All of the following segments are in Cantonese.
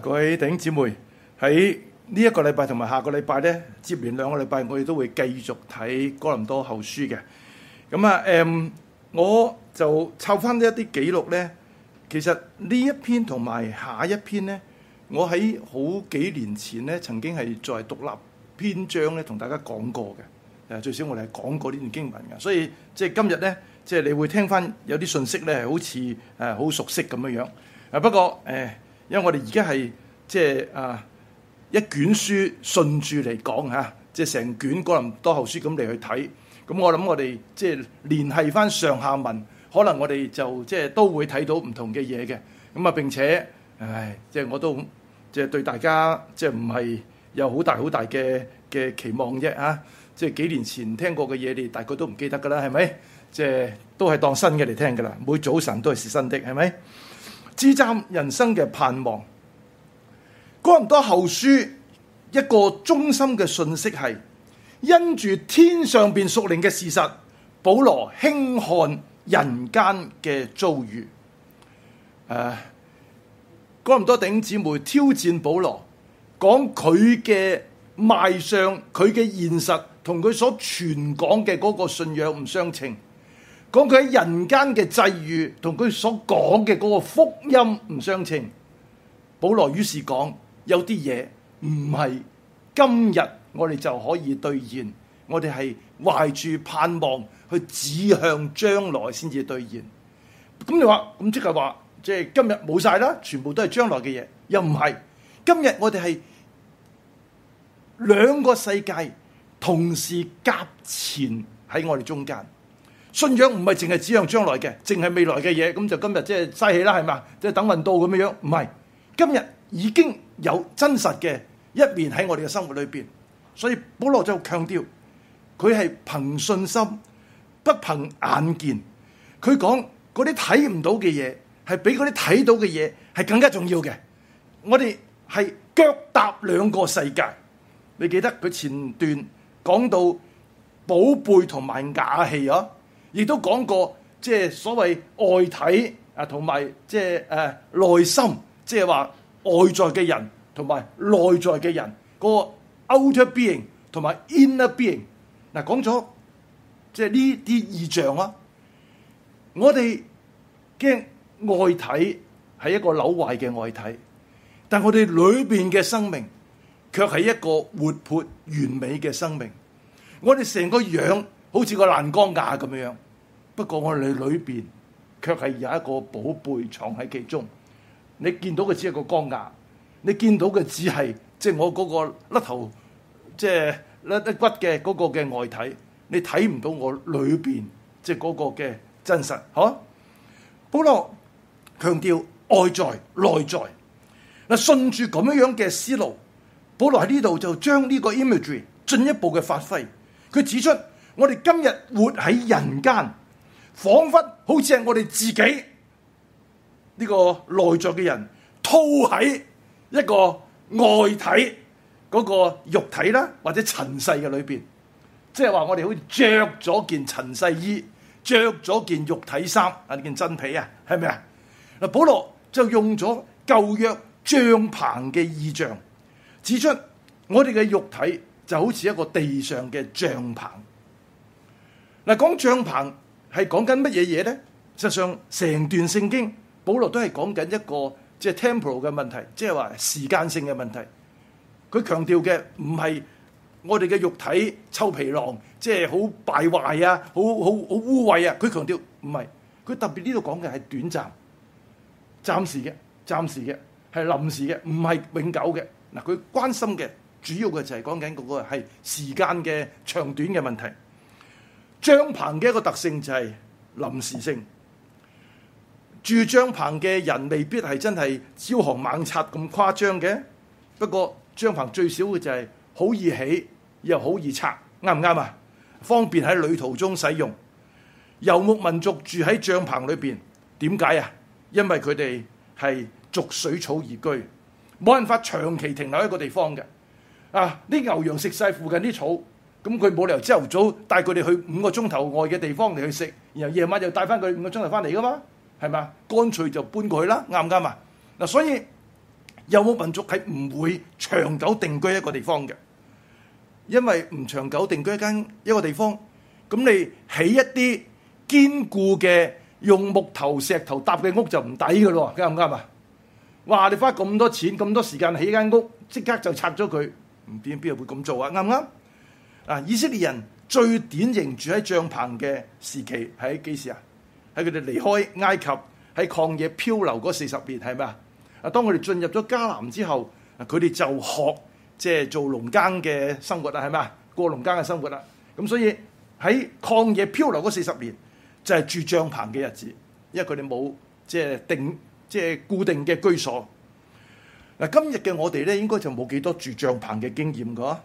各位弟兄姊妹，喺呢一個禮拜同埋下個禮拜呢，接連兩個禮拜，我哋都會繼續睇哥林多後書嘅。咁啊，誒，我就湊翻一啲記錄呢。其實呢一篇同埋下一篇呢，我喺好幾年前咧，曾經係作為獨立篇章咧，同大家講過嘅。誒，最少我哋係講過呢段經文嘅。所以即係今日呢，即係你會聽翻有啲信息呢，好似誒好熟悉咁樣樣。誒，不過誒。嗯因為我哋而家係即係啊一卷書順住嚟講吓，即係成卷哥林多後書咁嚟去睇。咁我諗我哋即係聯繫返上下文，可能我哋就即係、就是、都會睇到唔同嘅嘢嘅。咁啊並且，唉即係、就是、我都即係、就是、對大家即係唔係有好大好大嘅嘅期望啫吓。即、啊、係、就是、幾年前聽過嘅嘢，你大概都唔記得㗎啦，係咪？即、就、係、是、都係當新嘅嚟聽㗎啦。每早晨都係是新的，係咪？至暫人生嘅盼望，哥林多後書一個中心嘅信息係，因住天上邊屬靈嘅事實，保羅輕看人間嘅遭遇。誒、啊，哥林多弟兄姊妹挑戰保羅，講佢嘅賣相、佢嘅現實同佢所傳講嘅嗰個信仰唔相稱。講佢喺人間嘅際遇同佢所講嘅嗰個福音唔相稱，保羅於是講：有啲嘢唔係今日我哋就可以兌現，我哋係懷住盼望去指向將來先至兌現。咁你話，咁即係話，就是，即係今日冇晒啦，全部都係將來嘅嘢。又唔係，今日我哋係兩個世界同時夾前喺我哋中間。信仰唔係淨係指向將來嘅，淨係未來嘅嘢，咁就今日即係嘥氣啦，係嘛？即係等運到咁樣樣，唔係今日已經有真實嘅一面喺我哋嘅生活裏邊，所以保羅就強調，佢係憑信心，不憑眼見。佢講嗰啲睇唔到嘅嘢，係比嗰啲睇到嘅嘢係更加重要嘅。我哋係腳踏兩個世界，你記得佢前段講到寶貝同埋瓦器啊。亦都講過，即係所謂外體啊，同埋即係誒內心，即係話外在嘅人同埋內在嘅人、個 outer being 同埋 inner being。嗱，講咗即係呢啲異象啊。我哋驚外體係一個扭壞嘅外體，但我哋裏邊嘅生命卻係一個活潑完美嘅生命。我哋成個樣。好似個爛鋼架咁樣，不過我哋裏邊卻係有一個寶貝藏喺其中。你見到嘅只係個鋼架，你見到嘅只係即係我嗰個甩頭即係甩甩骨嘅嗰個嘅外體，你睇唔到我裏邊即係嗰個嘅真實。好保羅強調外在內在。嗱，順住咁樣樣嘅思路，保羅喺呢度就將呢個 imagery 進一步嘅發揮。佢指出。我哋今日活喺人間，仿佛好似係我哋自己呢個內在嘅人，套喺一個外體嗰個肉體啦，或者塵世嘅裏邊，即係話我哋好似着咗件塵世衣，着咗件肉體衫啊，呢件真皮啊，係咪啊？嗱，保羅就用咗舊約帳篷嘅意象，指出我哋嘅肉體就好似一個地上嘅帳篷。嗱，講帳棚係講緊乜嘢嘢咧？實際上成段聖經保羅都係講緊一個即係、就是、temporal 嘅問題，即係話時間性嘅問題，佢強調嘅唔係我哋嘅肉體臭皮囊，即係好敗壞啊，好好好，好污穢啊。佢強調唔係，佢特別呢度講嘅係短暫暫時嘅、暫時嘅，係臨時嘅，唔係永久嘅。嗱，佢關心嘅主要嘅就係講緊嗰個係時間嘅長短嘅問題。帳篷嘅一個特性就係臨時性，住帳篷嘅人未必係真係朝行猛拆咁誇張嘅。不過帳篷最少嘅就係好易起，又好易拆，啱唔啱啊？方便喺旅途中使用。遊牧民族住喺帳篷裏邊，點解啊？因為佢哋係逐水草而居，冇辦法長期停留喺一個地方嘅。啊，啲牛羊食晒附近啲草。咁佢冇理由朝頭早帶佢哋去五個鐘頭外嘅地方嚟去食，然後夜晚又帶翻佢五個鐘頭翻嚟噶嘛？係咪？乾脆就搬過去啦，啱唔啱啊？嗱，所以有冇民族係唔會長久定居一個地方嘅，因為唔長久定居一間一個地方，咁你起一啲堅固嘅用木頭、石頭搭嘅屋就唔抵噶咯，啱唔啱啊？話你花咁多錢、咁多時間起間屋，即刻就拆咗佢，唔知邊日會咁做啊？啱唔啱？啊！以色列人最典型住喺帳篷嘅時期係幾時啊？喺佢哋離開埃及喺曠野漂流嗰四十年係咪啊？啊，當佢哋進入咗迦南之後，佢哋就學即係、就是、做農耕嘅生活啦，係咪啊？過農耕嘅生活啦。咁所以喺曠野漂流嗰四十年就係、是、住帳篷嘅日子，因為佢哋冇即係定即係、就是、固定嘅居所。嗱，今日嘅我哋咧應該就冇幾多住帳篷嘅經驗噶。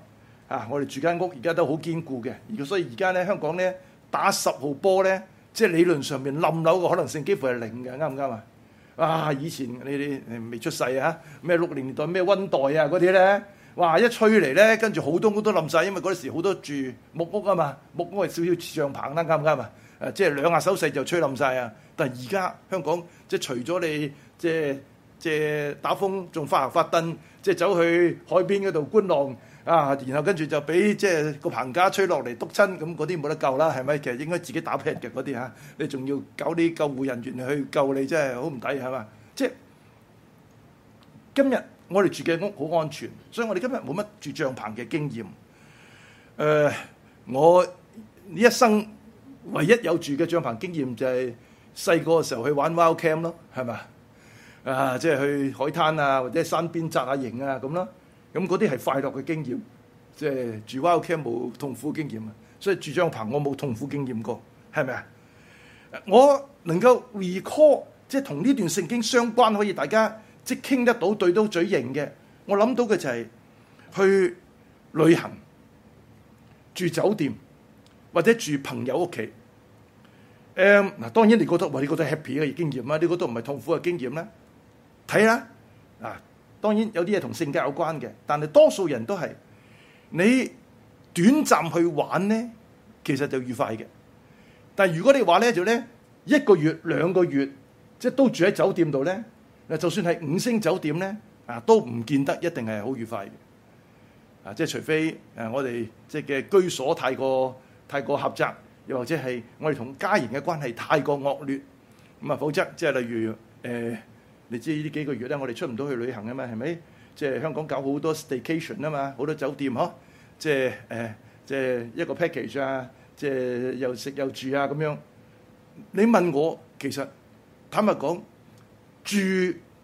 啊！我哋住間屋而家都好堅固嘅，而所以而家咧香港咧打十號波咧，即係理論上面冧樓嘅可能性幾乎係零嘅，啱唔啱啊？哇！以前你哋未出世啊，咩六零年代咩溫黛啊嗰啲咧，哇一吹嚟咧，跟住好多屋都冧晒，因為嗰時好多住木屋啊嘛，木屋係少少上棚啦，啱唔啱啊？誒，即係兩下手勢就吹冧晒啊！但係而家香港即係除咗你即係即係打風，仲發雷發電，即係走去海邊嗰度觀浪。啊，然後跟住就俾即係個棚架吹落嚟篤親，咁嗰啲冇得救啦，係咪？其實應該自己打撇嘅嗰啲嚇，你仲要搞啲救護人員去救你，真係好唔抵係嘛？即係今日我哋住嘅屋好安全，所以我哋今日冇乜住帳篷嘅經驗。誒、呃，我呢一生唯一有住嘅帳篷經驗就係細個嘅時候去玩 wild camp 咯，係咪？啊，即係去海灘啊，或者山邊紮下、啊、營啊，咁咯。咁嗰啲係快樂嘅經驗，即係住屋企冇痛苦經驗啊！所以住張棚我冇痛苦經驗過，係咪啊？我能夠 recall 即係同呢段聖經相關，可以大家即係傾得到對到嘴型嘅，我諗到嘅就係去旅行，住酒店或者住朋友屋企。誒，嗱，當然你覺得話你覺得 happy 嘅經驗啦，你覺得唔係痛苦嘅經驗啦，睇啦，啊！當然有啲嘢同性格有關嘅，但係多數人都係你短暫去玩咧，其實就愉快嘅。但係如果你話咧就咧一個月兩個月，即係都住喺酒店度咧，嗱，就算係五星酒店咧，啊都唔見得一定係好愉快嘅。啊，即係除非誒我哋即係嘅居所太過太過狹窄，又或者係我哋同家人嘅關係太過惡劣，咁啊，否則即係例如誒。呃你知呢幾個月咧，我哋出唔到去旅行啊嘛，係咪？即係香港搞好多 staycation 啊嘛，好多酒店呵。即係誒，即係一個 package 啊，即係又食又住啊咁樣。你問我，其實坦白講，住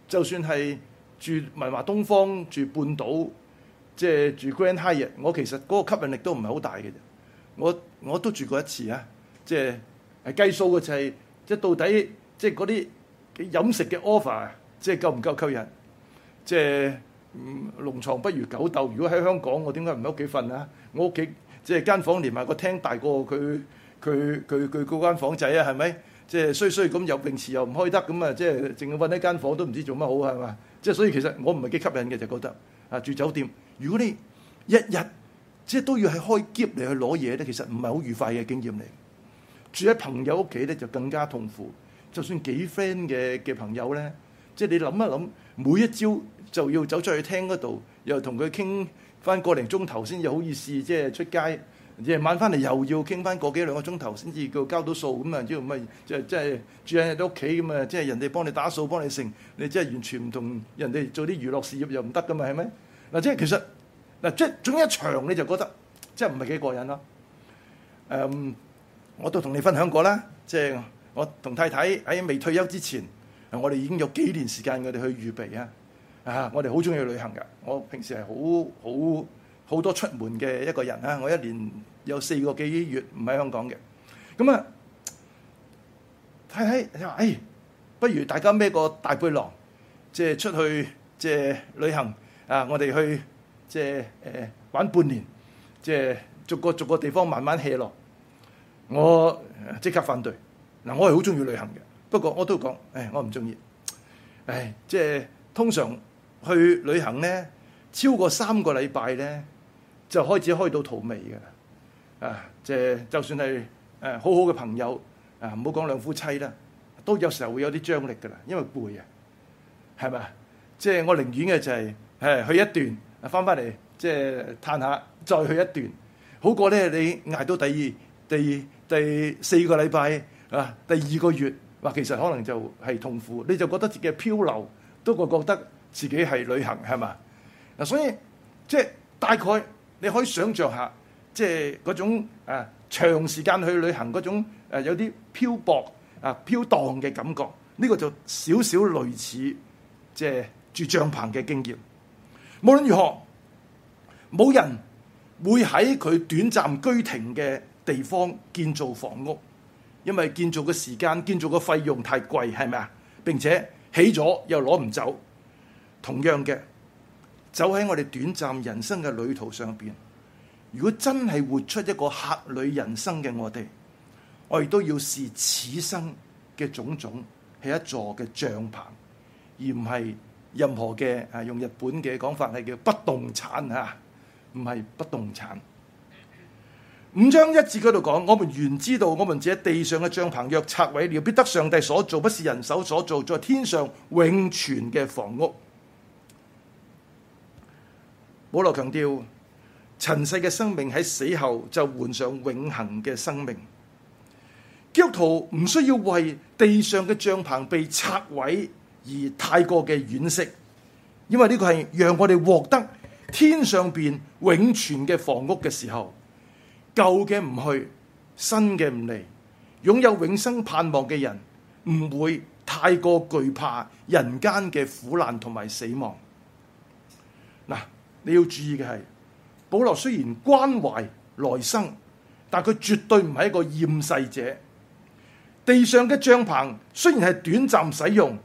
就算係住文華東方住半島，即係住 Grand Hyatt，我其實嗰個吸引力都唔係好大嘅啫。我我都住過一次啊。即係係計數嘅就係，即係到底即係嗰啲，就是飲食嘅 offer 即係夠唔夠吸引？即係嗯，龍牀不如狗竇。如果喺香港，我點解唔喺屋企瞓啊？我屋企即係間房連埋個廳大過佢佢佢佢嗰間房仔啊？係咪？即係衰衰咁有泳池又唔開得咁啊？即係淨係瞓一間房都唔知做乜好係嘛？即係所以其實我唔係幾吸引嘅，就覺得啊，住酒店，如果你一日即係都要係開 job 嚟去攞嘢咧，其實唔係好愉快嘅經驗嚟。住喺朋友屋企咧就更加痛苦。就算幾 friend 嘅嘅朋友咧，即係你諗一諗，每一朝就要走出去廳嗰度，又同佢傾翻個零鐘頭先至好意思，即係出街。夜晚翻嚟又要傾翻個幾兩個鐘頭先至叫交到數咁啊！即係乜？即係即係住喺你屋企咁啊！即係人哋幫你打掃、幫你盛，你即係完全唔同人哋做啲娛樂事業又唔得噶嘛？係咪？嗱，即係其實嗱，即係總一場你就覺得即係唔係幾過癮咯？誒、嗯，我都同你分享過啦，即係。我同太太喺未退休之前，我哋已經有幾年時間，我哋去預備啊！啊，我哋好中意旅行嘅，我平時係好好好多出門嘅一個人啊！我一年有四個幾月唔喺香港嘅，咁啊，太太話，哎，不如大家孭個大背囊，即係出去，即係旅行啊！我哋去，即係誒玩半年，即係逐個逐個地方慢慢起落。嗯、我即刻反對。嗱，我係好中意旅行嘅，不過我都講，誒，我唔中意，誒，即係通常去旅行咧超過三個禮拜咧就開始開到荼蘼嘅啦。啊，即係就算係誒好好嘅朋友啊，唔好講兩夫妻啦，都有時候會有啲張力噶啦，因為攰啊，係咪啊？即係我寧願嘅就係誒去一段啊，翻返嚟即係嘆下，再去一段，好過咧你捱到第二、第二、第二、第四個禮拜。啊！第二個月話其實可能就係痛苦，你就覺得自己漂流，都會覺得自己係旅行，係嘛？嗱，所以即係、就是、大概你可以想像下，即係嗰種誒、啊、長時間去旅行嗰種、啊、有啲漂泊啊、漂蕩嘅感覺，呢、這個就少少類似即係、就是、住帳篷嘅經驗。無論如何，冇人會喺佢短暫居停嘅地方建造房屋。因為建造嘅時間、建造嘅費用太貴，係咪啊？並且起咗又攞唔走，同樣嘅。走喺我哋短暫人生嘅旅途上面。如果真係活出一個客旅人生嘅我哋，我亦都要視此生嘅種種係一座嘅帳篷，而唔係任何嘅，啊，用日本嘅講法係叫不動產嚇，唔係不動產。五章一節嗰度講，我們原知道，我們這地上嘅帳棚若拆毀了，必得上帝所造，不是人手所造，在天上永存嘅房屋。保羅強調，塵世嘅生命喺死後就換上永恆嘅生命。基督徒唔需要為地上嘅帳棚被拆毀而太過嘅惋惜，因為呢個係讓我哋獲得天上邊永存嘅房屋嘅時候。舊嘅唔去，新嘅唔嚟。擁有永生盼望嘅人，唔會太過懼怕人間嘅苦難同埋死亡。嗱，你要注意嘅係，保羅雖然關懷來生，但佢絕對唔係一個厭世者。地上嘅帳篷雖然係短暫使用，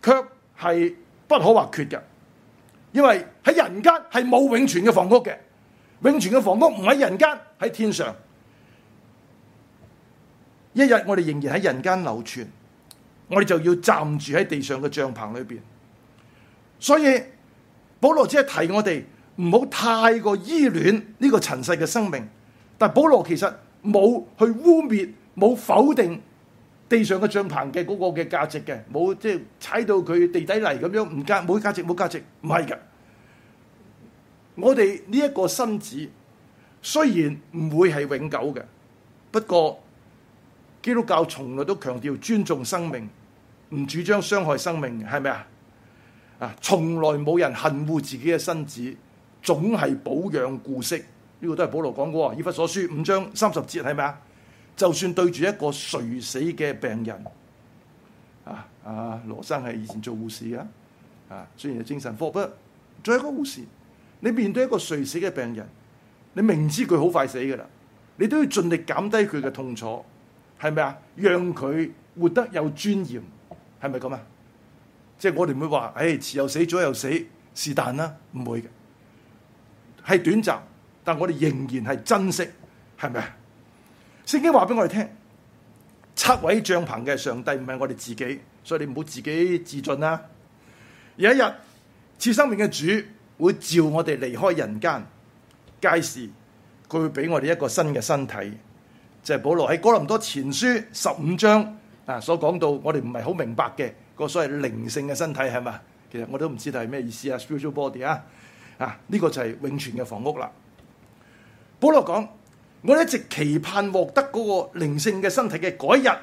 卻係不可或缺嘅，因為喺人間係冇永存嘅房屋嘅。永存嘅房屋唔喺人間，喺天上。一日我哋仍然喺人間流傳，我哋就要暫住喺地上嘅帳篷裏面。所以保羅只係提醒我哋唔好太過依戀呢個塵世嘅生命，但保羅其實冇去污衊、冇否定地上嘅帳篷嘅嗰個嘅價值嘅，冇即係踩到佢地底泥咁樣，唔價冇價值，冇價值，唔係嘅。我哋呢一個身子雖然唔會係永久嘅，不過基督教從來都強調尊重生命，唔主張傷害生命，係咪啊？啊，從來冇人恨惡自己嘅身子，總係保養顧惜。呢、這個都係保羅講嘅，《以弗所書》五章三十節，係咪啊？就算對住一個垂死嘅病人，啊啊，羅生係以前做護士嘅，啊，雖然係精神科，不過做一個護士。你面對一個垂死嘅病人，你明知佢好快死噶啦，你都要盡力減低佢嘅痛楚，係咪啊？讓佢活得有尊嚴，係咪咁啊？即係我哋唔會話，唉、哎，遲又死，早又死，不會的，是但啦，唔會嘅。係短暫，但我哋仍然係珍惜，係咪啊？聖經話俾我哋聽，拆毀帳篷嘅上帝唔係我哋自己，所以你唔好自己自盡啦、啊。有一日，賜生命嘅主，會召我哋離開人間，屆時佢會俾我哋一個新嘅身體。就係、是、保羅喺哥林多前書十五章啊所講到，我哋唔係好明白嘅，那個所謂靈性嘅身體係嘛？其實我都唔知道係咩意思啊。spiritual body 啊啊呢、這個就係永存嘅房屋啦。保羅講，我一直期盼獲得嗰個靈性嘅身體嘅改日。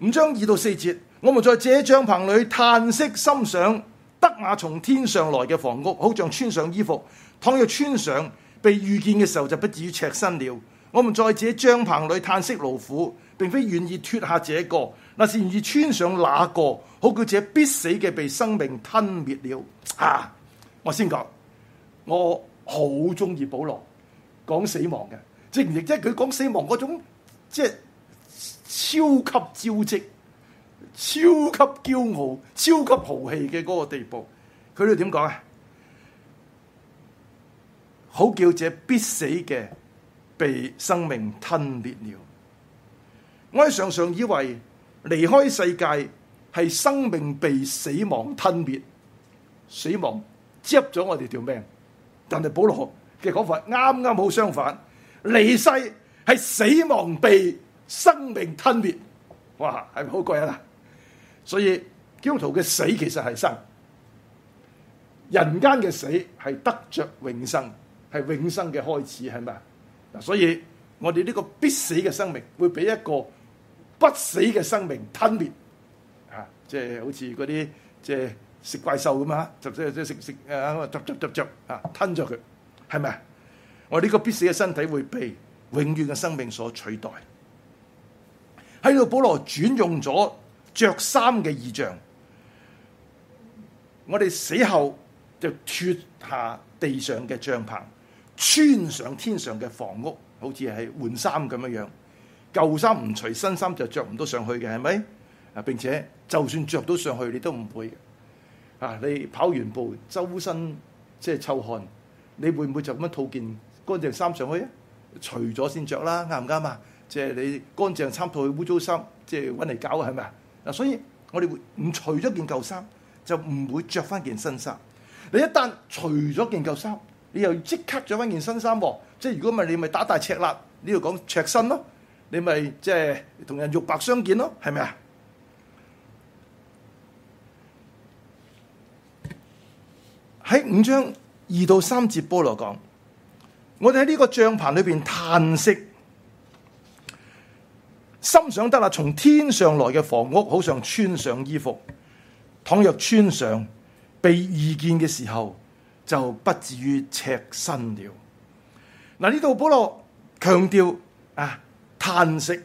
五章二到四節，我們在這帳篷裏嘆息心想。得那從天上來嘅房屋，好像穿上衣服。倘若穿上，被遇見嘅時候就不至於赤身了。我們在這帳棚裏嘆息勞苦，並非願意脫下這個，那是願意穿上那個。好叫這必死嘅被生命吞滅了。啊！我先講，我好鍾意保羅講死亡嘅，正亦即係佢講死亡嗰種，即係超級招積。超級驕傲、超級豪氣嘅嗰個地步，佢哋點講啊？好叫者必死嘅，被生命吞滅了。我哋常常以為離開世界係生命被死亡吞滅，死亡執咗我哋條命。但係保羅嘅講法啱啱好相反，離世係死亡被生命吞滅。哇，係咪好過癮啊？所以基督徒嘅死其實係生，人間嘅死係得着永生，係永生嘅開始，係咪？嗱，所以我哋呢個必死嘅生命會俾一個不死嘅生命吞滅，吓、啊，即係好似嗰啲即係食怪獸咁啊，就即係即係食食誒，咁執執執執啊，吞咗佢，係咪？我哋呢個必死嘅身體會被永遠嘅生命所取代，喺度保羅轉用咗。着衫嘅意象，我哋死後就脫下地上嘅帳篷，穿上天上嘅房屋，好似係換衫咁樣樣。舊衫唔除，新衫就着唔到上去嘅，係咪？啊，並且就算着到上去，你都唔會。啊，你跑完步，周身即係臭汗，你會唔會就咁樣套件乾淨衫上去啊？除咗先着啦，啱唔啱啊？即係你乾淨衫套去污糟衫，即係搵嚟搞係咪啊？所以我哋唔除咗件舊衫，就唔會着翻件新衫。你一旦除咗件舊衫，你又即刻着翻件新衫喎。即係如果唔係你，咪打大赤肋你度講赤身咯。你咪即係同人肉白相見咯，係咪啊？喺五章二到三節保羅講，我哋喺呢個帳棚裏邊嘆息。心想得啦，從天上來嘅房屋，好像穿上衣服。倘若穿上，被遇見嘅時候，就不至於赤身了。嗱，呢度保羅強調啊，嘆、啊、息。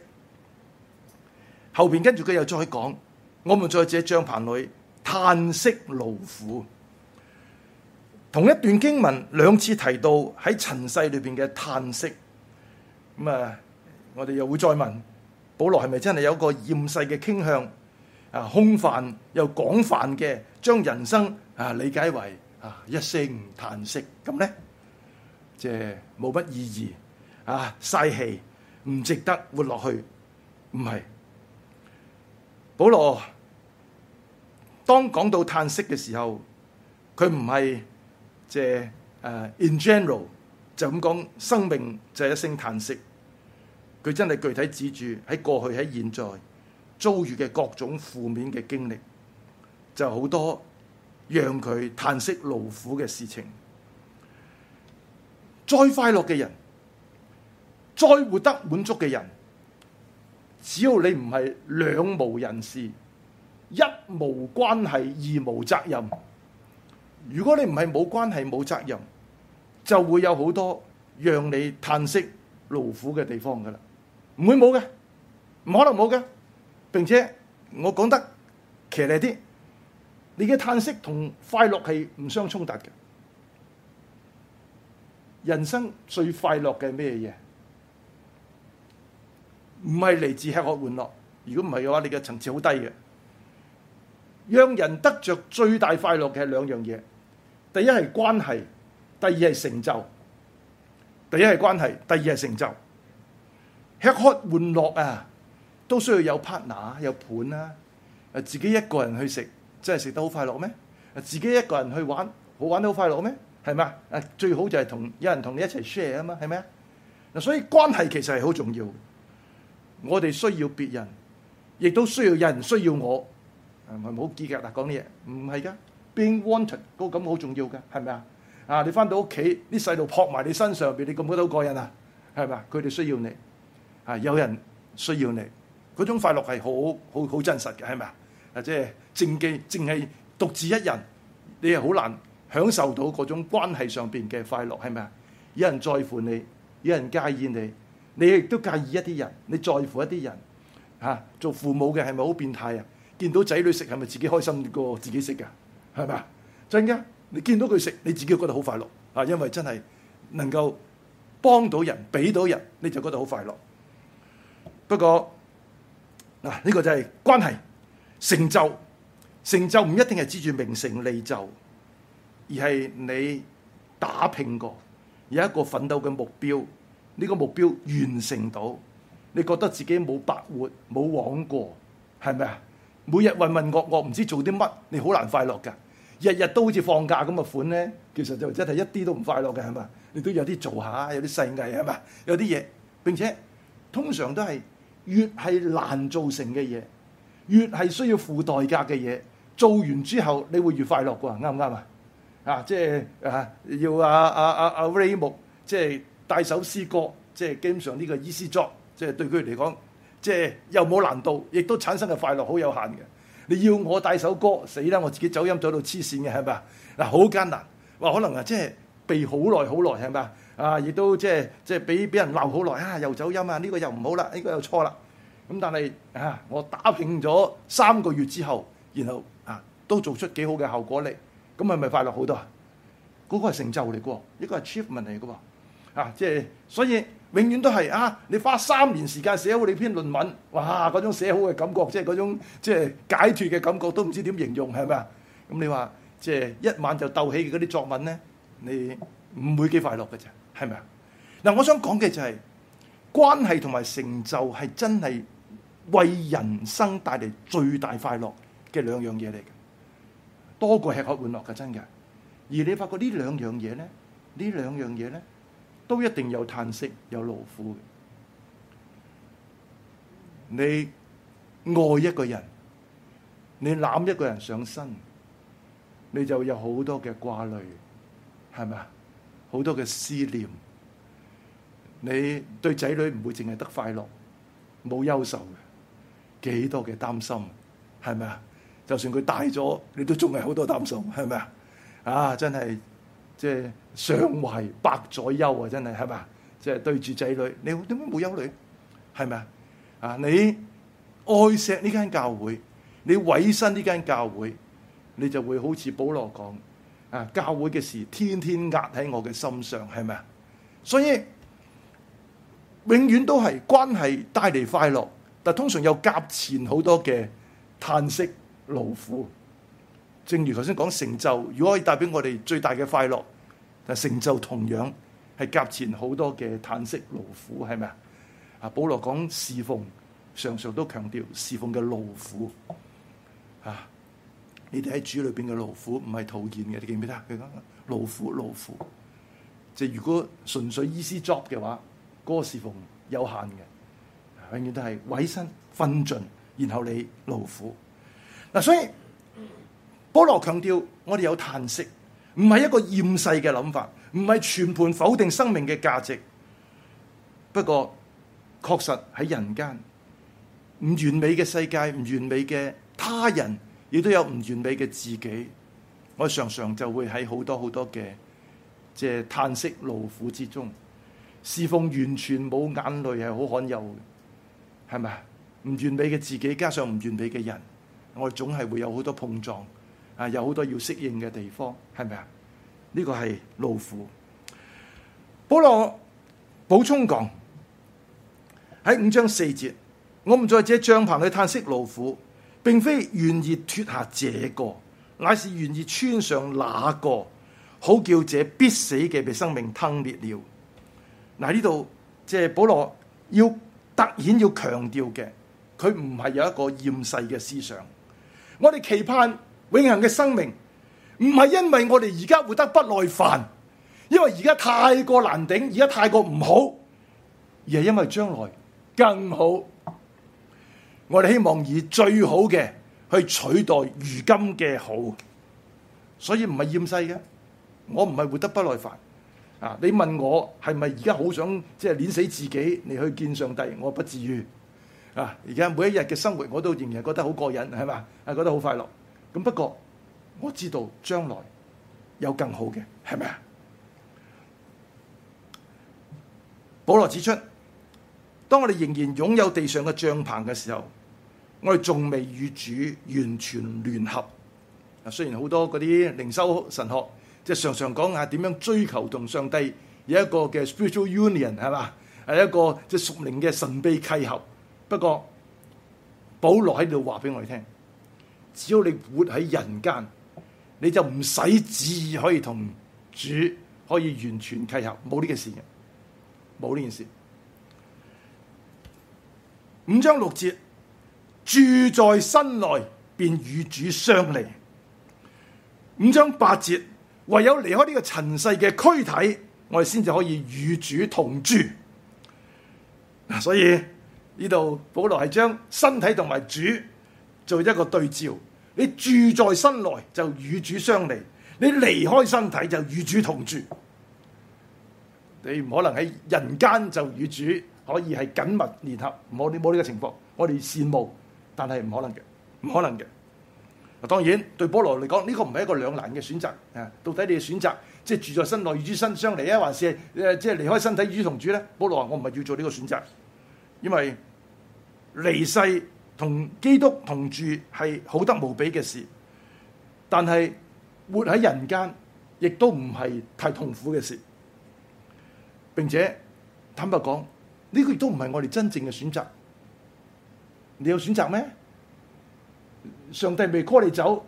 後邊跟住佢又再講，我們在這帳棚裏嘆息勞苦，同一段經文兩次提到喺塵世裏邊嘅嘆息。咁啊，我哋又會再問。保羅係咪真係有一個厭世嘅傾向？啊，空泛又廣泛嘅，將人生啊理解為啊一聲嘆息咁咧，即係冇乜意義啊，嘥氣，唔值得活落去。唔係保羅當講到嘆息嘅時候，佢唔係即係誒 in general 就咁講，生命就係一聲嘆息。佢真係具體指住喺過去喺現在遭遇嘅各種負面嘅經歷，就好多讓佢嘆息勞苦嘅事情。再快樂嘅人，再活得滿足嘅人，只要你唔係兩無人事、一無關係、二無責任，如果你唔係冇關係冇責任，就會有好多讓你嘆息勞苦嘅地方噶啦。唔會冇嘅，唔可能冇嘅，並且我講得騎呢啲，你嘅嘆息同快樂係唔相衝突嘅。人生最快樂嘅咩嘢？唔係嚟自吃喝玩樂。如果唔係嘅話，你嘅層次好低嘅。讓人得着最大快樂嘅係兩樣嘢，第一係關係，第二係成就。第一係關係，第二係成就。吃喝玩樂啊，都需要有 partner 有伴啦。誒，自己一個人去食，真係食得好快樂咩？誒，自己一個人去玩，好玩得好快樂咩？係咪啊？誒，最好就係同有人同你一齊 share 啊嘛，係咪啊？嗱，所以關係其實係好重要。我哋需要別人，亦都需要有人需要我。係咪、啊？好，技巧啦，講啲嘢，唔係噶，being wanted 嗰個感覺好重要噶，係咪啊？啊，你翻到屋企，啲細路撲埋你身上邊，你覺唔覺得好過癮啊？係咪啊？佢哋需要你。有人需要你，嗰種快樂係好好好真實嘅，係咪啊？即係正記正係獨自一人，你係好難享受到嗰種關係上邊嘅快樂，係咪啊？有人在乎你，有人介意你，你亦都介意一啲人，你在乎一啲人嚇、啊。做父母嘅係咪好變態啊？見到仔女食係咪自己開心過自己食㗎？係咪啊？陣間，你見到佢食，你自己覺得好快樂啊，因為真係能夠幫到人、俾到人，你就覺得好快樂。不過嗱，呢個就係關係成就，成就唔一定係支住名成利就，而係你打拼過，有一個奮鬥嘅目標，呢個目標完成到，你覺得自己冇白活，冇枉過，係咪啊？每日渾渾噩噩唔知做啲乜，你好難快樂噶，日日都好似放假咁嘅款咧，其實就真係一啲都唔快樂嘅係嘛？你都有啲做下，有啲細藝係嘛，有啲嘢，並且通常都係。越係難做成嘅嘢，越係需要付代價嘅嘢，做完之後你會越快樂啩？啱唔啱啊？啊，即係啊，要啊啊啊啊 Raymond，即係帶首詩歌，即係基本上呢個 easy job，即係對佢嚟講，即係又冇難度，亦都產生嘅快樂好有限嘅。你要我帶首歌，死啦！我自己走音走到黐線嘅係咪啊？嗱，好艱難，話可能啊，即係備好耐好耐係咪啊？啊！亦都即係即係俾俾人鬧好耐啊！又走音啊！呢個又唔好啦，呢個又錯啦。咁但係啊，我打拼咗三個月之後，然後啊，都做出幾好嘅效果嚟。咁係咪快樂好多啊？嗰個係成就嚟嘅喎，一個係 achievement 嚟嘅喎。啊，即係所以永遠都係啊！你花三年時間寫好你篇論文，哇！嗰種寫好嘅感覺，即係嗰種即係解脫嘅感覺，都唔知點形容係咪啊？咁你話即係一晚就鬥起嗰啲作文咧，你唔會幾快樂嘅啫。係咪啊？嗱，我想講嘅就係關係同埋成就係真係為人生帶嚟最大快樂嘅兩樣嘢嚟嘅，多過吃喝玩樂嘅，真嘅。而你發覺呢兩樣嘢咧，呢兩樣嘢咧，都一定有嘆息，有勞苦嘅。你愛一個人，你攬一個人上身，你就有好多嘅掛慮，係咪啊？好多嘅思念，你對仔女唔會淨係得快樂，冇憂愁嘅，幾多嘅擔心，係咪啊？就算佢大咗，你都仲係好多擔心，係咪啊？啊，真係即係上懷百載憂啊，真係係咪啊？即係對住仔女，你點解冇憂慮？係咪啊？啊，你愛錫呢間教會，你委身呢間教會，你就會好似保羅講。啊！教會嘅事天天壓喺我嘅心上，係咪啊？所以永遠都係關係帶嚟快樂，但通常有夾前好多嘅嘆息勞苦。正如頭先講成就，如果可以帶俾我哋最大嘅快樂，但成就同樣係夾前好多嘅嘆息勞苦，係咪啊？啊，保羅講侍奉，常常都強調侍奉嘅勞苦啊。你哋喺主裏邊嘅勞苦唔係徒然嘅，你記唔記得？佢講勞苦勞苦，即係如果純粹意思 job 嘅話，嗰個事奉有限嘅？永遠都係委身、奮盡，然後你勞苦。嗱、啊，所以保羅強調，我哋有嘆息，唔係一個厭世嘅諗法，唔係全盤否定生命嘅價值。不過，確實喺人間唔完美嘅世界，唔完美嘅他人。亦都有唔完美嘅自己，我常常就會喺好多好多嘅即係嘆息勞苦之中。侍奉完全冇眼淚係好罕有嘅，係咪？唔完美嘅自己，加上唔完美嘅人，我總係會有好多碰撞，啊，有好多要適應嘅地方，係咪啊？呢個係勞苦。保羅補充講喺五章四節，我唔再借帳篷去嘆息勞苦。並非願意脫下這個，乃是願意穿上那個，好叫這必死嘅被生命吞滅了。嗱，呢度，即係保羅要突然要強調嘅，佢唔係有一個厭世嘅思想。我哋期盼永恆嘅生命，唔係因為我哋而家活得不耐煩，因為而家太過難頂，而家太過唔好，而係因為將來更好。我哋希望以最好嘅去取代如今嘅好，所以唔係厭世嘅，我唔係活得不耐煩啊！你問我係咪而家好想即係碾死自己你去見上帝？我不至於啊！而家每一日嘅生活，我都仍然覺得好過癮，係嘛？啊，覺得好快樂。咁不過我知道將來有更好嘅，係咪啊？保羅指出，當我哋仍然擁有地上嘅帳篷嘅時候。我哋仲未與主完全聯合，啊！雖然好多嗰啲靈修神學即係常常講下點樣追求同上帝有一個嘅 spiritual union 係嘛？係一個即係屬靈嘅神秘契合。不過，保羅喺度話俾我哋聽，只要你活喺人間，你就唔使旨意可以同主可以完全契合，冇呢件事嘅，冇呢件事。五章六節。住在身內便與主相離。五章八節唯有離開呢個塵世的軀體，我哋先至可以與主同住。所以呢度保羅是將身體同埋主做一個對照。你住在身內就與主相離，你離開身體就與主同住。你唔可能喺人間就與主可以係緊密聯合，唔好你冇呢個情況，我哋羨慕。但係唔可能嘅，唔可能嘅。當然對保羅嚟講，呢個唔係一個兩難嘅選擇。到底你嘅選擇即係住在身內與主相離啊，還是誒即係離開身體與主同住咧？保羅話：我唔係要做呢個選擇，因為離世同基督同住係好得無比嘅事，但係活喺人間亦都唔係太痛苦嘅事，並且坦白講，呢個亦都唔係我哋真正嘅選擇。你有選擇咩？上帝未 call 你走，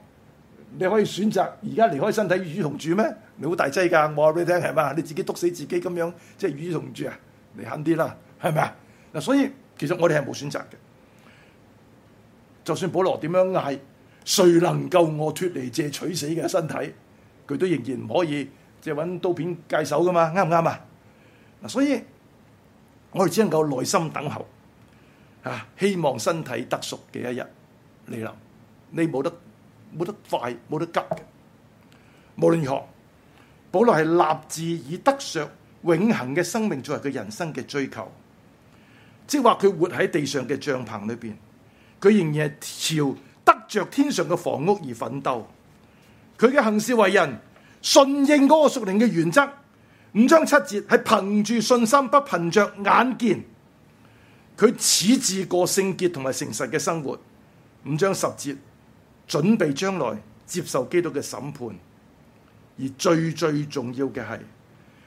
你可以選擇而家離開身體與主同住咩？你好大劑噶，我話俾你聽係嘛，你自己篤死自己咁樣，即係與主同住啊！你肯啲啦，係咪啊？嗱，所以其實我哋係冇選擇嘅。就算保羅點樣嗌，誰能夠我脫離借取死嘅身體，佢都仍然唔可以，借搵刀片戒手噶嘛？啱唔啱啊？嗱，所以我哋只能夠耐心等候。啊！希望身體得贖嘅一日嚟啦，你冇得冇得快，冇得急嘅。無論如何，保羅係立志以得着永恒嘅生命作為佢人生嘅追求，即係話佢活喺地上嘅帳篷裏邊，佢仍然係朝得着天上嘅房屋而奮鬥。佢嘅行事為人，順應嗰個屬靈嘅原則，五章七節係憑住信心，不憑着眼見。佢矢志過聖潔同埋誠實嘅生活，五章十節準備將來接受基督嘅審判，而最最重要嘅係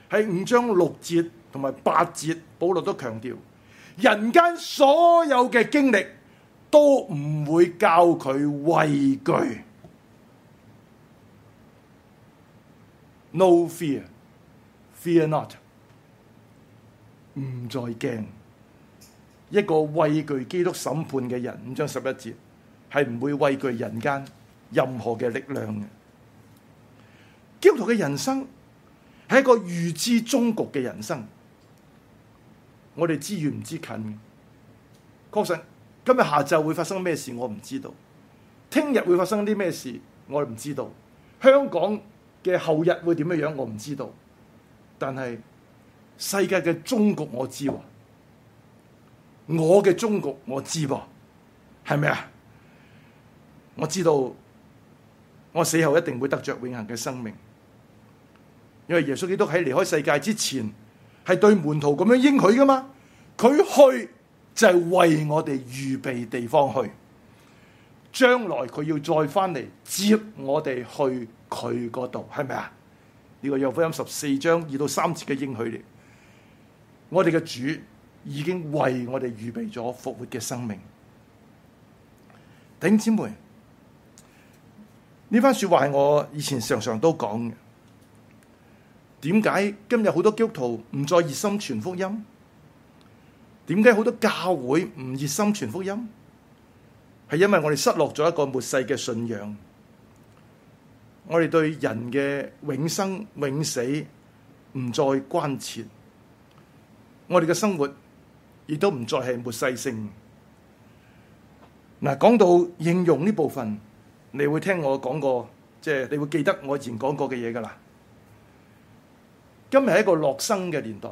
喺五章六節同埋八節，保羅都強調人間所有嘅經歷都唔會教佢畏懼，no fear，fear fear not，唔再驚。一個畏懼基督審判嘅人，五章十一節係唔會畏懼人間任何嘅力量嘅。基督徒嘅人生係一個預知終局嘅人生。我哋知遠唔知近，確實今日下晝會發生咩事我唔知道，聽日會發生啲咩事我唔知道，香港嘅後日會點樣樣我唔知道，但係世界嘅終局我知喎。我嘅中國我知噃，係咪啊？我知道我死後一定會得着永恒嘅生命，因為耶穌基督喺離開世界之前係對門徒咁樣應許噶嘛，佢去就係為我哋預備地方去，將來佢要再翻嚟接我哋去佢嗰度，係咪啊？呢、這個《約福音》十四章二到三節嘅應許嚟，我哋嘅主。已經為我哋預備咗復活嘅生命，弟兄姊妹，呢番說話係我以前常常都講嘅。點解今日好多基督徒唔再熱心傳福音？點解好多教會唔熱心傳福音？係因為我哋失落咗一個末世嘅信仰，我哋對人嘅永生永死唔再關切，我哋嘅生活。亦都唔再係末世性。嗱，講到應用呢部分，你會聽我講過，即係你會記得我以前講過嘅嘢噶啦。今日係一個樂生嘅年代，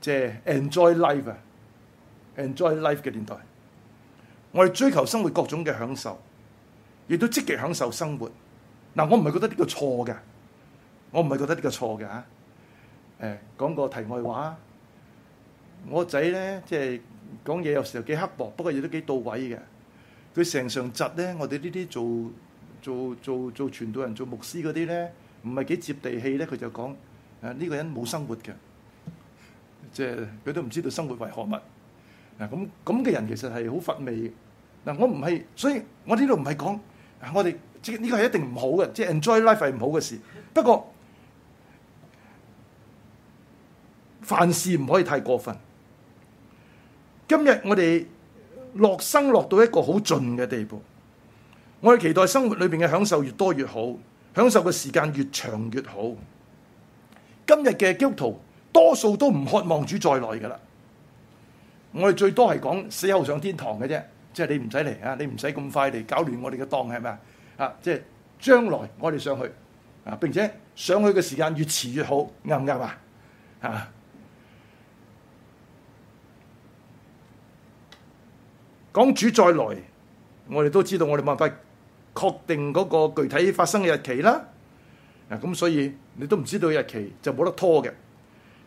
即係 enjoy life 啊，enjoy life 嘅年代，我哋追求生活各種嘅享受，亦都積極享受生活。嗱，我唔係覺得呢個錯嘅，我唔係覺得呢個錯嘅嚇。誒，講個題外話。我仔咧，即係講嘢有時候幾刻薄，不過亦都幾到位嘅。佢成常窒咧，我哋呢啲做做做做傳道人、做牧師嗰啲咧，唔係幾接地氣咧。佢就講：呢、啊呢個人冇生活嘅，即係佢都唔知道生活為何物。嗱、啊，咁咁嘅人其實係好乏味嘅。嗱，我唔係，所以我呢度唔係講，我哋呢個係一定唔好嘅，即係 enjoy life 係唔好嘅事。不過凡事唔可以太過分。今日我哋落生落到一個好盡嘅地步，我哋期待生活裏邊嘅享受越多越好，享受嘅時間越長越好。今日嘅基督徒多數都唔渴望主再來噶啦，我哋最多係講死後上天堂嘅啫，即係你唔使嚟啊，你唔使咁快嚟搞亂我哋嘅檔係咪啊，即係、就是、將來我哋上去啊，並且上去嘅時間越遲越好，啱唔啱啊？啊！講主再來，我哋都知道，我哋冇辦法確定嗰個具體發生嘅日期啦。咁所以你都唔知道日期就冇得拖嘅。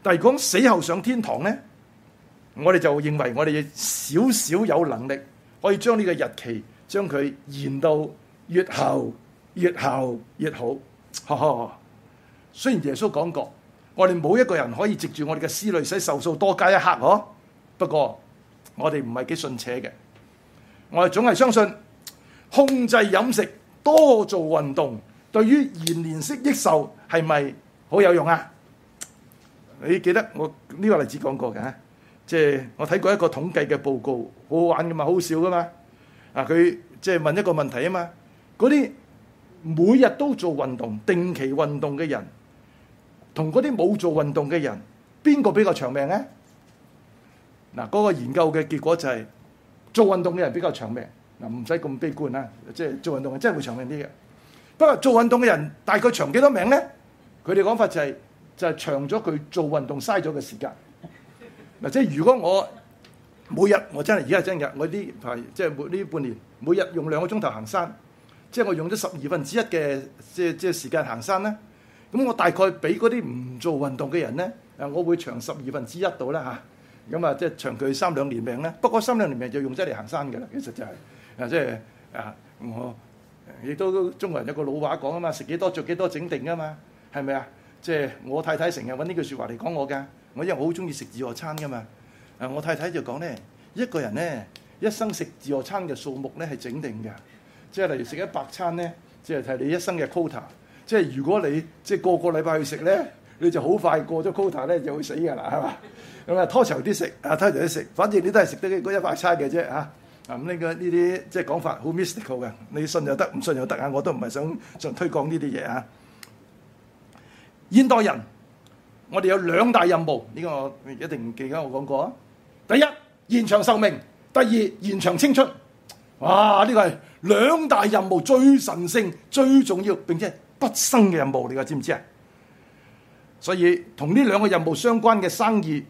但係講死後上天堂咧，我哋就認為我哋少少有能力可以將呢個日期將佢延到越後越後越好。雖然耶穌講過，我哋冇一個人可以藉住我哋嘅思慮使壽數多加一刻。嗬，不過我哋唔係幾信邪嘅。我哋總係相信控制飲食、多做運動，對於延年益壽係咪好有用啊？你記得我呢個例子講過嘅，即係我睇過一個統計嘅報告，好好玩噶嘛，好笑噶嘛。啊，佢即係問一個問題啊嘛，嗰啲每日都做運動、定期運動嘅人，同嗰啲冇做運動嘅人，邊個比較長命咧？嗱，嗰個研究嘅結果就係。做運動嘅人比較長命。嗱，唔使咁悲觀啦，即係做運動係真係會長命啲嘅。不過做運動嘅人大概長幾多命咧？佢哋講法就係就係長咗佢做運動嘥咗嘅時間嗱。即係如果我每日我真係而家真嘅，我啲排即係每呢半年每日用兩個鐘頭行山，即係我用咗十二分之一嘅即係即係時間行山咧，咁我大概俾嗰啲唔做運動嘅人咧，誒我會長十二分之一度啦嚇。咁啊，即係長距三兩年命咧。不過三兩年命就用得嚟行山㗎啦。其實就係啊，即係啊，我亦都中國人有個老話講啊嘛，食幾多着幾多整定㗎嘛，係咪啊？即係我太太成日揾呢句說話嚟講我㗎。我因為我好中意食自助餐㗎嘛。啊，我太太就講咧，一個人咧，一生食自助餐嘅數目咧，係整定嘅。即係例如食一百餐咧，即係睇你一生嘅 quota。即係如果你即係個個禮拜去食咧。你就好快過咗 quota 咧，就會死嘅啦，係嘛？咁啊，拖長啲食，啊拖長啲食，反正你都係食得嗰一百餐嘅啫嚇。啊呢個呢啲即係講法好 mystical 嘅，你信又得，唔信又得啊！我都唔係想想推廣呢啲嘢啊。現代人，我哋有兩大任務，呢、呢個我一定記得我講過啊。第一，延長壽命；第二，延長青春。哇、啊！呢、呢個係兩大任務最神聖、最重要並且畢生嘅任務你話，知唔知啊？所以同呢兩個任務相關嘅生意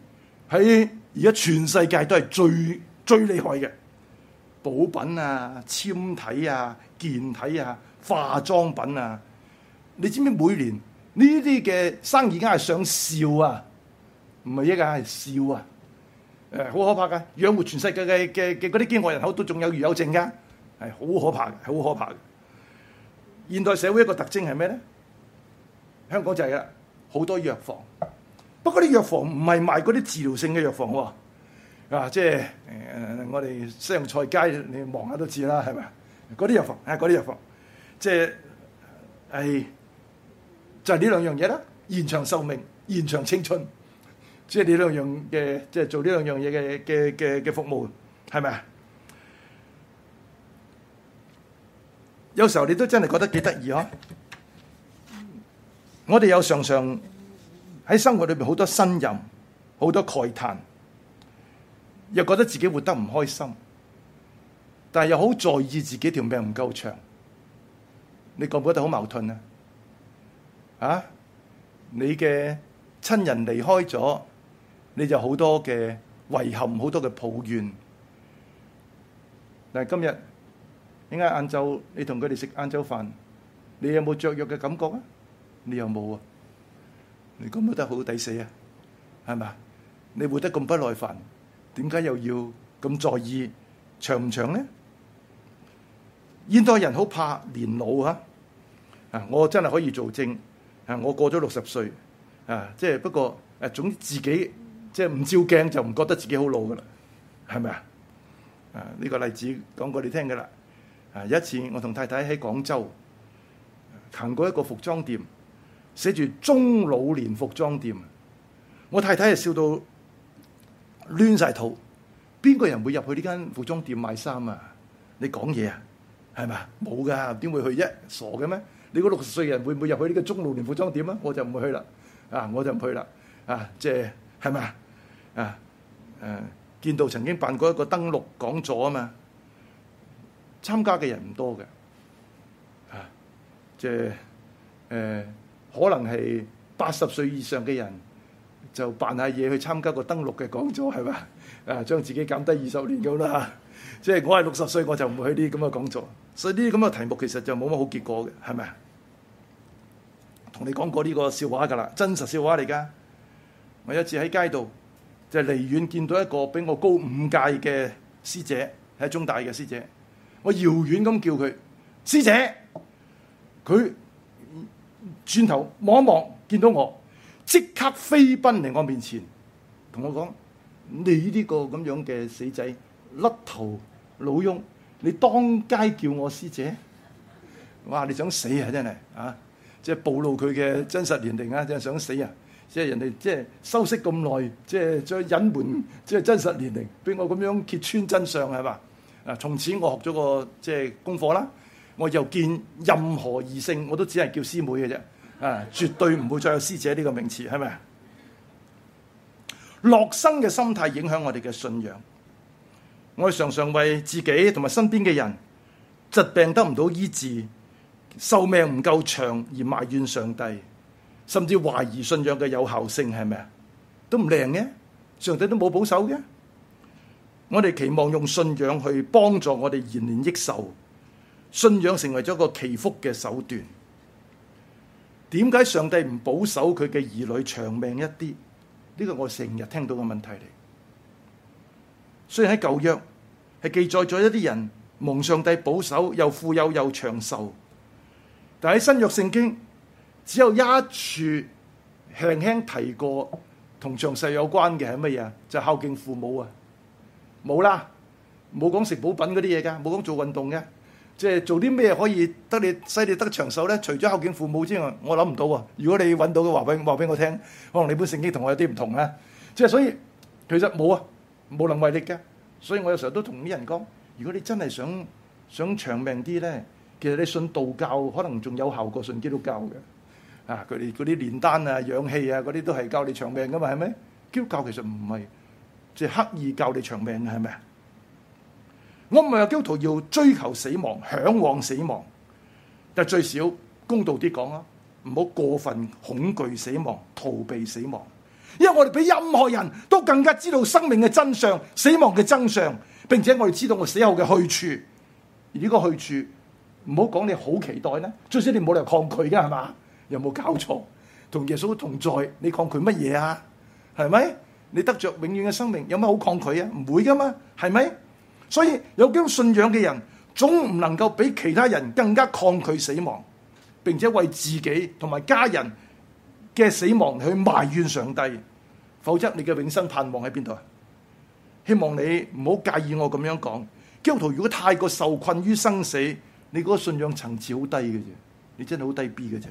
喺而家全世界都係最最厲害嘅，補品啊、纖體啊、健體啊、化妝品啊，你知唔知每年呢啲嘅生意梗係係上兆啊？唔係億啊，係兆啊！誒，好、啊、可怕噶，養活全世界嘅嘅嘅嗰啲境外人口都仲有餘有剩嘅，係好可怕嘅，好可怕嘅。現代社會的一個特徵係咩咧？香港就係啦。好多藥房，不過啲藥房唔係賣嗰啲治療性嘅藥房喎，啊，即係誒我哋西洋菜街你望下都知啦，係咪？嗰啲藥房啊嗰啲藥房，即係誒就係呢兩樣嘢啦，延長壽命、延長青春，即係呢兩樣嘅，即係做呢兩樣嘢嘅嘅嘅嘅服務，係咪啊？有時候你都真係覺得幾得意啊！我哋又常常喺生活裏邊好多呻吟，好多慨嘆，又覺得自己活得唔開心，但係又好在意自己條命唔夠長。你覺唔覺得好矛盾啊？啊，你嘅親人離開咗，你就好多嘅遺憾，好多嘅抱怨。但係今日點解晏晝你同佢哋食晏晝飯，你有冇雀躍嘅感覺啊？你又沒有冇啊？你咁都得好抵死啊，係咪？你活得咁不耐煩，點解又要咁在意長唔長呢？現代人好怕年老啊！啊，我真係可以做證啊！我過咗六十歲啊，即係不過誒，總之自己即係唔照鏡就唔覺得自己好老噶啦，係咪啊？啊，呢個例子講過你聽噶啦。啊，有一次我同太太喺廣州行過一個服裝店。寫住中老年服裝店，我太太係笑到攣晒肚。邊個人會入去呢間服裝店買衫啊？你講嘢啊，係咪？冇噶，點會去啫？傻嘅咩？你個六十歲人會唔會入去呢個中老年服裝店啊？我就唔會去啦。啊，我就唔去啦。啊，即係，係咪？啊，誒、啊，見到曾經辦過一個登陸講座啊嘛，參加嘅人唔多嘅。啊，即係誒。呃可能係八十歲以上嘅人就扮下嘢去參加個登陸嘅講座係咪？啊，將自己減低二十年咁啦。即係我係六十歲，我就唔會去呢啲咁嘅講座。所以呢啲咁嘅題目其實就冇乜好結果嘅，係咪啊？同你講過呢個笑話㗎啦，真實笑話嚟噶。我有一次喺街度就係離遠見到一個比我高五屆嘅師姐，係中大嘅師姐。我遙遠咁叫佢師姐，佢轉頭望一望，見到我即刻飛奔嚟我面前，同我講：你呢個咁樣嘅死仔，甩頭老翁，你當街叫我師姐？哇！你想死啊！真係啊！即係暴露佢嘅真實年齡啊！真係想死啊！即係人哋即係收息咁耐，即係再隱瞞即係真實年齡，俾我咁樣揭穿真相係嘛？啊！從此我學咗個即係功課啦。我又見任何異性，我都只係叫師妹嘅啫，啊，絕對唔會再有師姐呢個名詞，係咪啊？落生嘅心態影響我哋嘅信仰，我哋常常為自己同埋身邊嘅人疾病得唔到醫治、壽命唔夠長而埋怨上帝，甚至懷疑信仰嘅有效性，係咪啊？都唔靈嘅，上帝都冇保守嘅，我哋期望用信仰去幫助我哋延年益壽。信仰成為咗個祈福嘅手段，點解上帝唔保守佢嘅兒女長命一啲？呢個我成日聽到嘅問題嚟。雖然喺舊約係記載咗一啲人蒙上帝保守，又富有又長壽，但喺新約聖經只有一處輕，輕輕提過同長壽有關嘅係乜嘢？就是，孝敬父母啊，冇啦，冇講食補品嗰啲嘢噶，冇講做運動嘅。即係做啲咩可以得你犀利得長壽咧？除咗孝敬父母之外，我諗唔到喎。如果你揾到嘅話，俾話俾我聽，可能你本聖經同我有啲唔同咧。即係所以，其實冇啊，無能為力嘅。所以我有時候都同啲人講，如果你真係想想長命啲咧，其實你信道教可能仲有效過信基督教嘅。啊，佢哋嗰啲煉丹啊、養氣啊嗰啲都係教你長命噶嘛，係咪？基督教其實唔係即係刻意教你長命嘅，係咪？我唔係話基督徒要追求死亡、嚮往死亡，但係最少公道啲講啊，唔好過分恐懼死亡、逃避死亡。因為我哋比任何人都更加知道生命嘅真相、死亡嘅真相，並且我哋知道我死後嘅去處。而呢個去處，唔好講你好期待啦，最少你唔好嚟抗拒嘅係嘛？有冇搞錯？同耶穌同在，你抗拒乜嘢啊？係咪？你得着永遠嘅生命，有乜好抗拒啊？唔會噶嘛？係咪？所以有基督信仰嘅人，總唔能夠比其他人更加抗拒死亡，並且為自己同埋家人嘅死亡去埋怨上帝。否則你嘅永生盼望喺邊度啊？希望你唔好介意我咁樣講，基督徒如果太過受困於生死，你嗰個信仰層次好低嘅啫，你真係好低 B 嘅啫。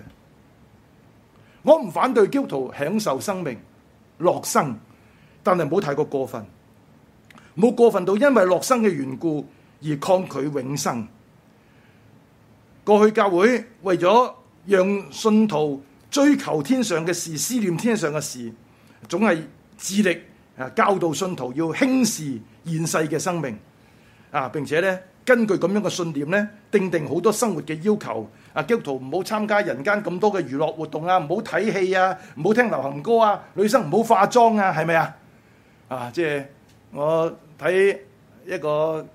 我唔反對基督徒享受生命、樂生，但係唔好太過過分。冇過分到因為樂生嘅緣故而抗拒永生。過去教會為咗讓信徒追求天上嘅事、思念天上嘅事，總係致力誒教導信徒要輕視現世嘅生命啊！並且咧根據咁樣嘅信念咧，定定好多生活嘅要求啊！基督徒唔好參加人間咁多嘅娛樂活動啊！唔好睇戲啊！唔好聽流行歌啊！女生唔好化妝啊！係咪啊？啊！即係。我睇一個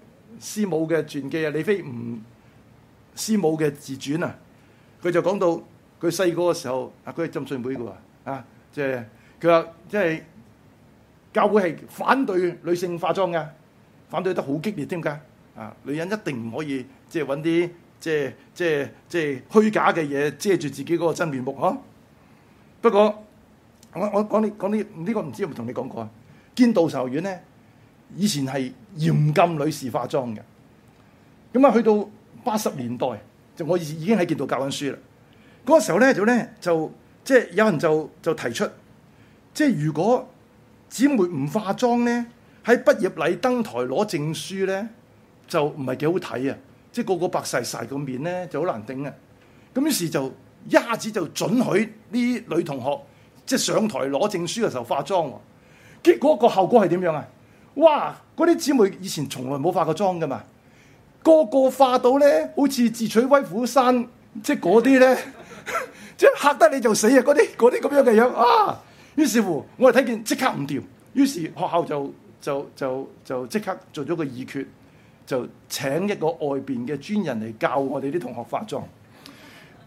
師母嘅傳記啊，李飛唔師母嘅自傳啊，佢就講到佢細個嘅時候，是的啊佢係浸信會嘅啊，即係佢話即係教會係反對女性化妝嘅，反對得好激烈添噶，啊，女人一定唔可以即係揾啲即係即係即係虛假嘅嘢，遮住自己嗰個真面目呵、啊。不過我我講你講啲、這個、呢個唔知有冇同你講過啊，堅道仇院咧。以前係嚴禁女士化妝嘅，咁啊去到八十年代，就我已已經喺建道教緊書啦。嗰個時候咧就咧就即係、就是、有人就就提出，即、就、係、是、如果姊妹唔化妝咧，喺畢業禮登台攞證書咧，就唔係幾好睇啊！即、就、係、是、個個白曬曬個面咧就好難頂啊！咁於是就一下子就准許呢啲女同學即係、就是、上台攞證書嘅時候化妝喎、啊，結果個效果係點樣啊？哇！嗰啲姊妹以前從來冇化過妝㗎嘛，個個化到咧，好似自取威虎山，即係嗰啲咧，即係嚇得你就死啊！嗰啲嗰啲咁樣嘅樣啊！於是乎，我哋睇見即刻唔掂，於是學校就就就就即刻做咗個議決，就請一個外邊嘅專人嚟教我哋啲同學化妝，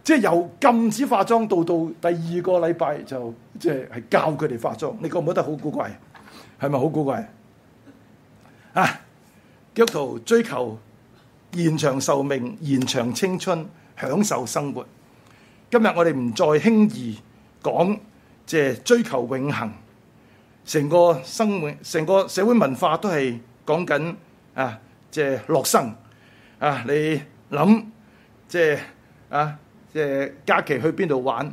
即係由禁止化妝到到第二個禮拜就即係係教佢哋化妝。你覺唔覺得好古怪？係咪好古怪？啊！基督徒追求延長壽命、延長青春、享受生活。今日我哋唔再輕易講即係追求永恆。成個生活、成個社會文化都係講緊啊！即係樂生啊！你諗即係啊！即係假期去邊度玩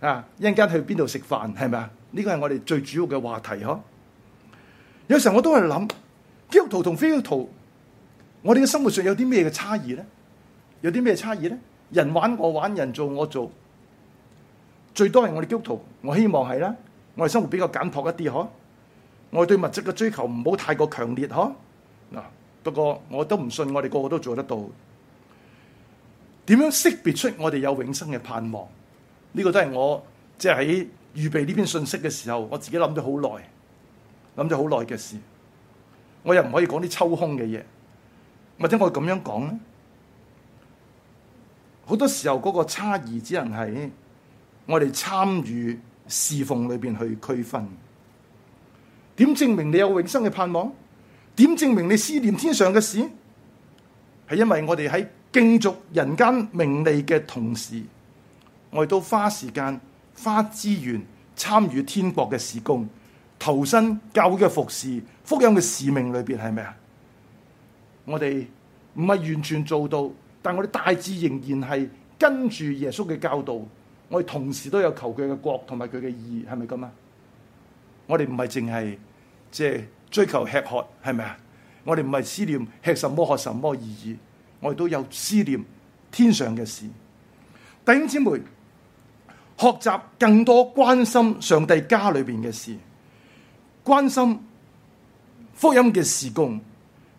啊？一陣間去邊度食飯係咪啊？呢、這個係我哋最主要嘅話題嗬、啊。有時候我都係諗。基督徒同非基督徒，我哋嘅生活上有啲咩嘅差異呢？有啲咩差異呢？人玩我玩，人做我做，最多係我哋基督徒，我希望係啦，我哋生活比較簡朴一啲，嗬。我哋對物質嘅追求唔好太過強烈，嗬。嗱，不過我都唔信我哋個個都做得到。點樣識別出我哋有永生嘅盼望？呢個都係我即係喺預備呢篇信息嘅時候，我自己諗咗好耐，諗咗好耐嘅事。我又唔可以講啲抽空嘅嘢，或者我咁樣講咧，好多時候嗰個差異只能係我哋參與侍奉裏邊去區分。點證明你有永生嘅盼望？點證明你思念天上嘅事？係因為我哋喺競逐人間名利嘅同時，我哋都花時間、花資源參與天國嘅事工。投身教會嘅服侍，福音嘅使命裏邊係咪啊？我哋唔係完全做到，但我哋大致仍然係跟住耶穌嘅教導。我哋同時都有求佢嘅國同埋佢嘅義，係咪咁啊？我哋唔係淨係即係追求吃喝，係咪啊？我哋唔係思念吃什麼喝什麼而已，我哋都有思念天上嘅事。弟兄姊妹，學習更多關心上帝家裏邊嘅事。關心福音嘅事工，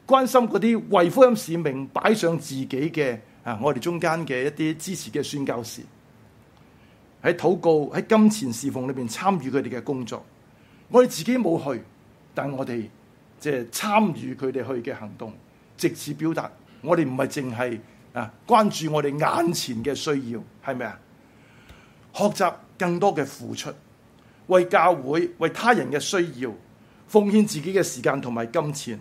關心嗰啲為福音使命擺上自己嘅啊，我哋中間嘅一啲支持嘅宣教士，喺禱告、喺金錢侍奉裏邊參與佢哋嘅工作。我哋自己冇去，但我哋即係參與佢哋去嘅行動，借此表達我哋唔係淨係啊關注我哋眼前嘅需要，係咪啊？學習更多嘅付出。為教會、為他人嘅需要奉獻自己嘅時間同埋金錢。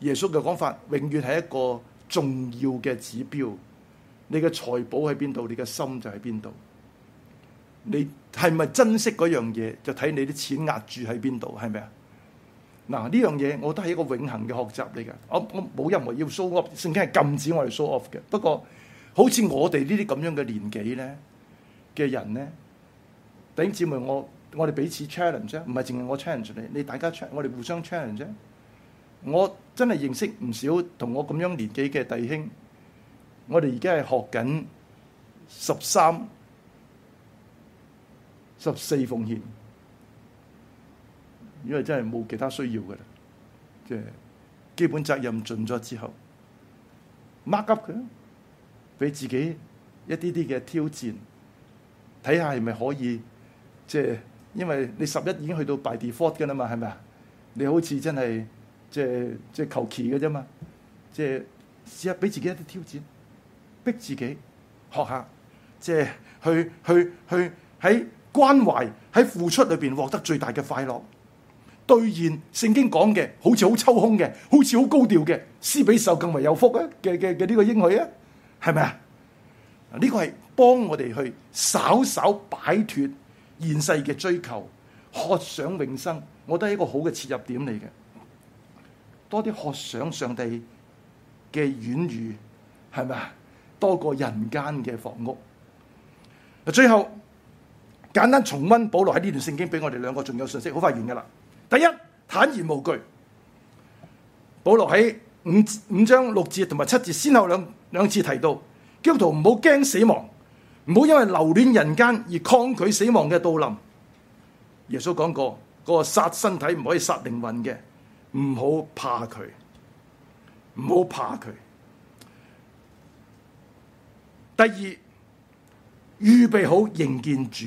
耶穌嘅講法永遠係一個重要嘅指標。你嘅財寶喺邊度，你嘅心就喺邊度。你係咪珍惜嗰樣嘢，就睇你啲錢壓住喺邊度，係咪啊？嗱，呢樣嘢，我覺得係一個永恒嘅學習嚟嘅。我我冇任何要 show off，聖經係禁止我哋 show off 嘅。不過，好似我哋呢啲咁樣嘅年紀咧嘅人咧。弟兄姐妹，我我哋彼此 challenge 啫，唔係淨係我 challenge 你，你大家 challenge，我哋互相 challenge 啫。我真係認識唔少同我咁樣年紀嘅弟兄，我哋而家係學緊十三、十四奉獻，因為真係冇其他需要噶啦，即係基本責任盡咗之後，mark up 佢，俾自己一啲啲嘅挑戰，睇下係咪可以。即係，因為你十一已經去到 by default 嘅啦嘛，係咪啊？你好似真係，即係即係求其嘅啫嘛，即係試下俾自己一啲挑戰，逼自己學下，即係去去去喺關懷喺付出裏邊獲得最大嘅快樂，兌現聖經講嘅，好似好抽空嘅，好似好高調嘅，施比受更為有福嘅嘅嘅呢個應許啊，係咪啊？呢、這個係幫我哋去稍稍擺脫。現世嘅追求，渴想永生，我都係一個好嘅切入點嚟嘅。多啲渴想上帝嘅軟遇，係咪啊？多過人間嘅房屋。最後簡單重温保羅喺呢段聖經俾我哋兩個仲有信息，好快完噶啦。第一，坦然無懼。保羅喺五五章六節同埋七節先後兩兩次提到，基督徒唔好驚死亡。唔好因為留戀人間而抗拒死亡嘅到臨。耶穌講過，嗰個殺身體唔可以殺靈魂嘅，唔好怕佢，唔好怕佢。第二，預備好迎見主。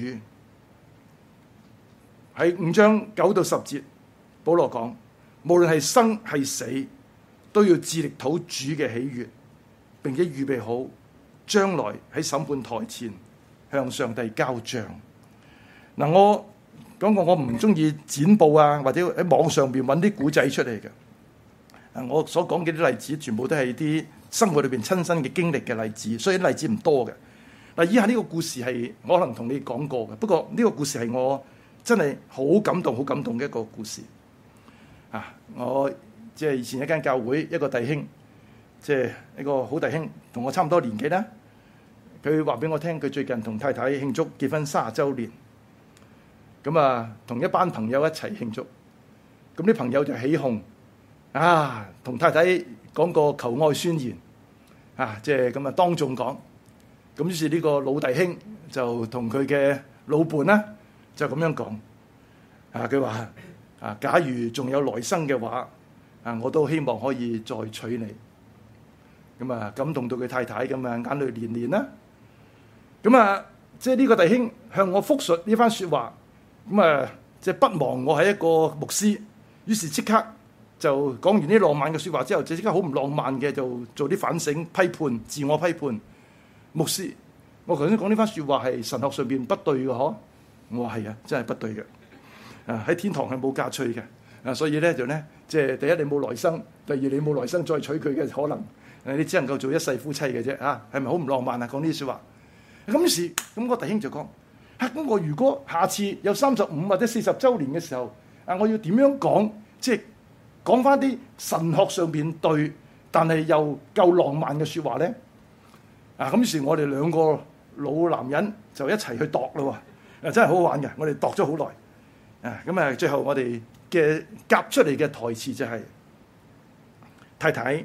喺五章九到十節，保羅講，無論係生係死，都要致力討主嘅喜悦，並且預備好。將來喺審判台前向上帝交賬。嗱，我講過我唔中意剪報啊，或者喺網上邊揾啲古仔出嚟嘅。我所講嘅啲例子，全部都係啲生活裏邊親身嘅經歷嘅例子，所以例子唔多嘅。嗱，以下呢個故事係我可能同你講過嘅，不過呢個故事係我真係好感動、好感動嘅一個故事。啊，我即係以前一間教會一個弟兄，即係一個好弟兄，同我差唔多年紀啦。佢話俾我聽，佢最近同太太慶祝結婚卅週年，咁啊，同一班朋友一齊慶祝，咁啲朋友就起哄，啊，同太太講個求愛宣言，啊，即係咁啊，當眾講，咁於是呢個老弟兄就同佢嘅老伴呢，就咁樣講，啊，佢話啊，假如仲有來生嘅話，啊，我都希望可以再娶你，咁啊，感動到佢太太咁啊，眼淚連連啦。咁啊，即係呢個弟兄向我復述呢番説話，咁啊，即係不忘我係一個牧師。於是即刻就講完呢啲浪漫嘅説話之後，就即刻好唔浪漫嘅，就做啲反省、批判、自我批判。牧師，我頭先講呢番説話係神學上邊不對嘅嗬？我話係啊，真係不對嘅。啊，喺天堂係冇嫁娶嘅啊，所以咧就咧，即係第一你冇來生，第二你冇來生再娶佢嘅可能。你只能夠做一世夫妻嘅啫。嚇，係咪好唔浪漫啊？講呢啲説話。咁時，咁個弟兄就講，啊，咁我如果下次有三十五或者四十周年嘅時候，啊，我要點樣講，即係講翻啲神學上面對，但係又夠浪漫嘅説話咧。啊，咁時我哋兩個老男人就一齊去度咯，啊，真係好好玩嘅，我哋度咗好耐。啊，咁啊，最後我哋嘅夾出嚟嘅台詞就係、是，太太，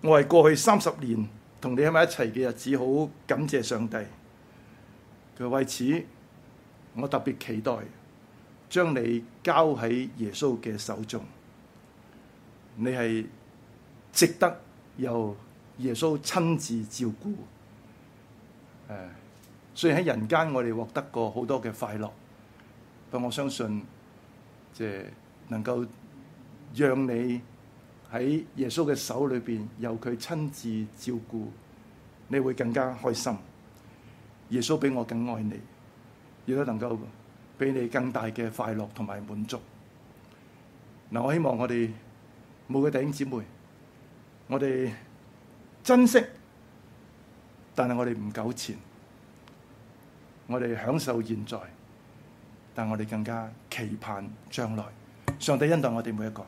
我係過去三十年。同你喺埋一齊嘅日子好感謝上帝，就為此我特別期待，將你交喺耶穌嘅手中。你係值得由耶穌親自照顧。誒，雖然喺人間我哋獲得過好多嘅快樂，但我相信即係能夠讓你，喺耶穌嘅手裏邊，由佢親自照顧，你會更加開心。耶穌比我更愛你，亦都能夠俾你更大嘅快樂同埋滿足。嗱，我希望我哋每個弟兄姊妹，我哋珍惜，但係我哋唔糾纏，我哋享受現在，但我哋更加期盼將來。上帝恩待我哋每一個。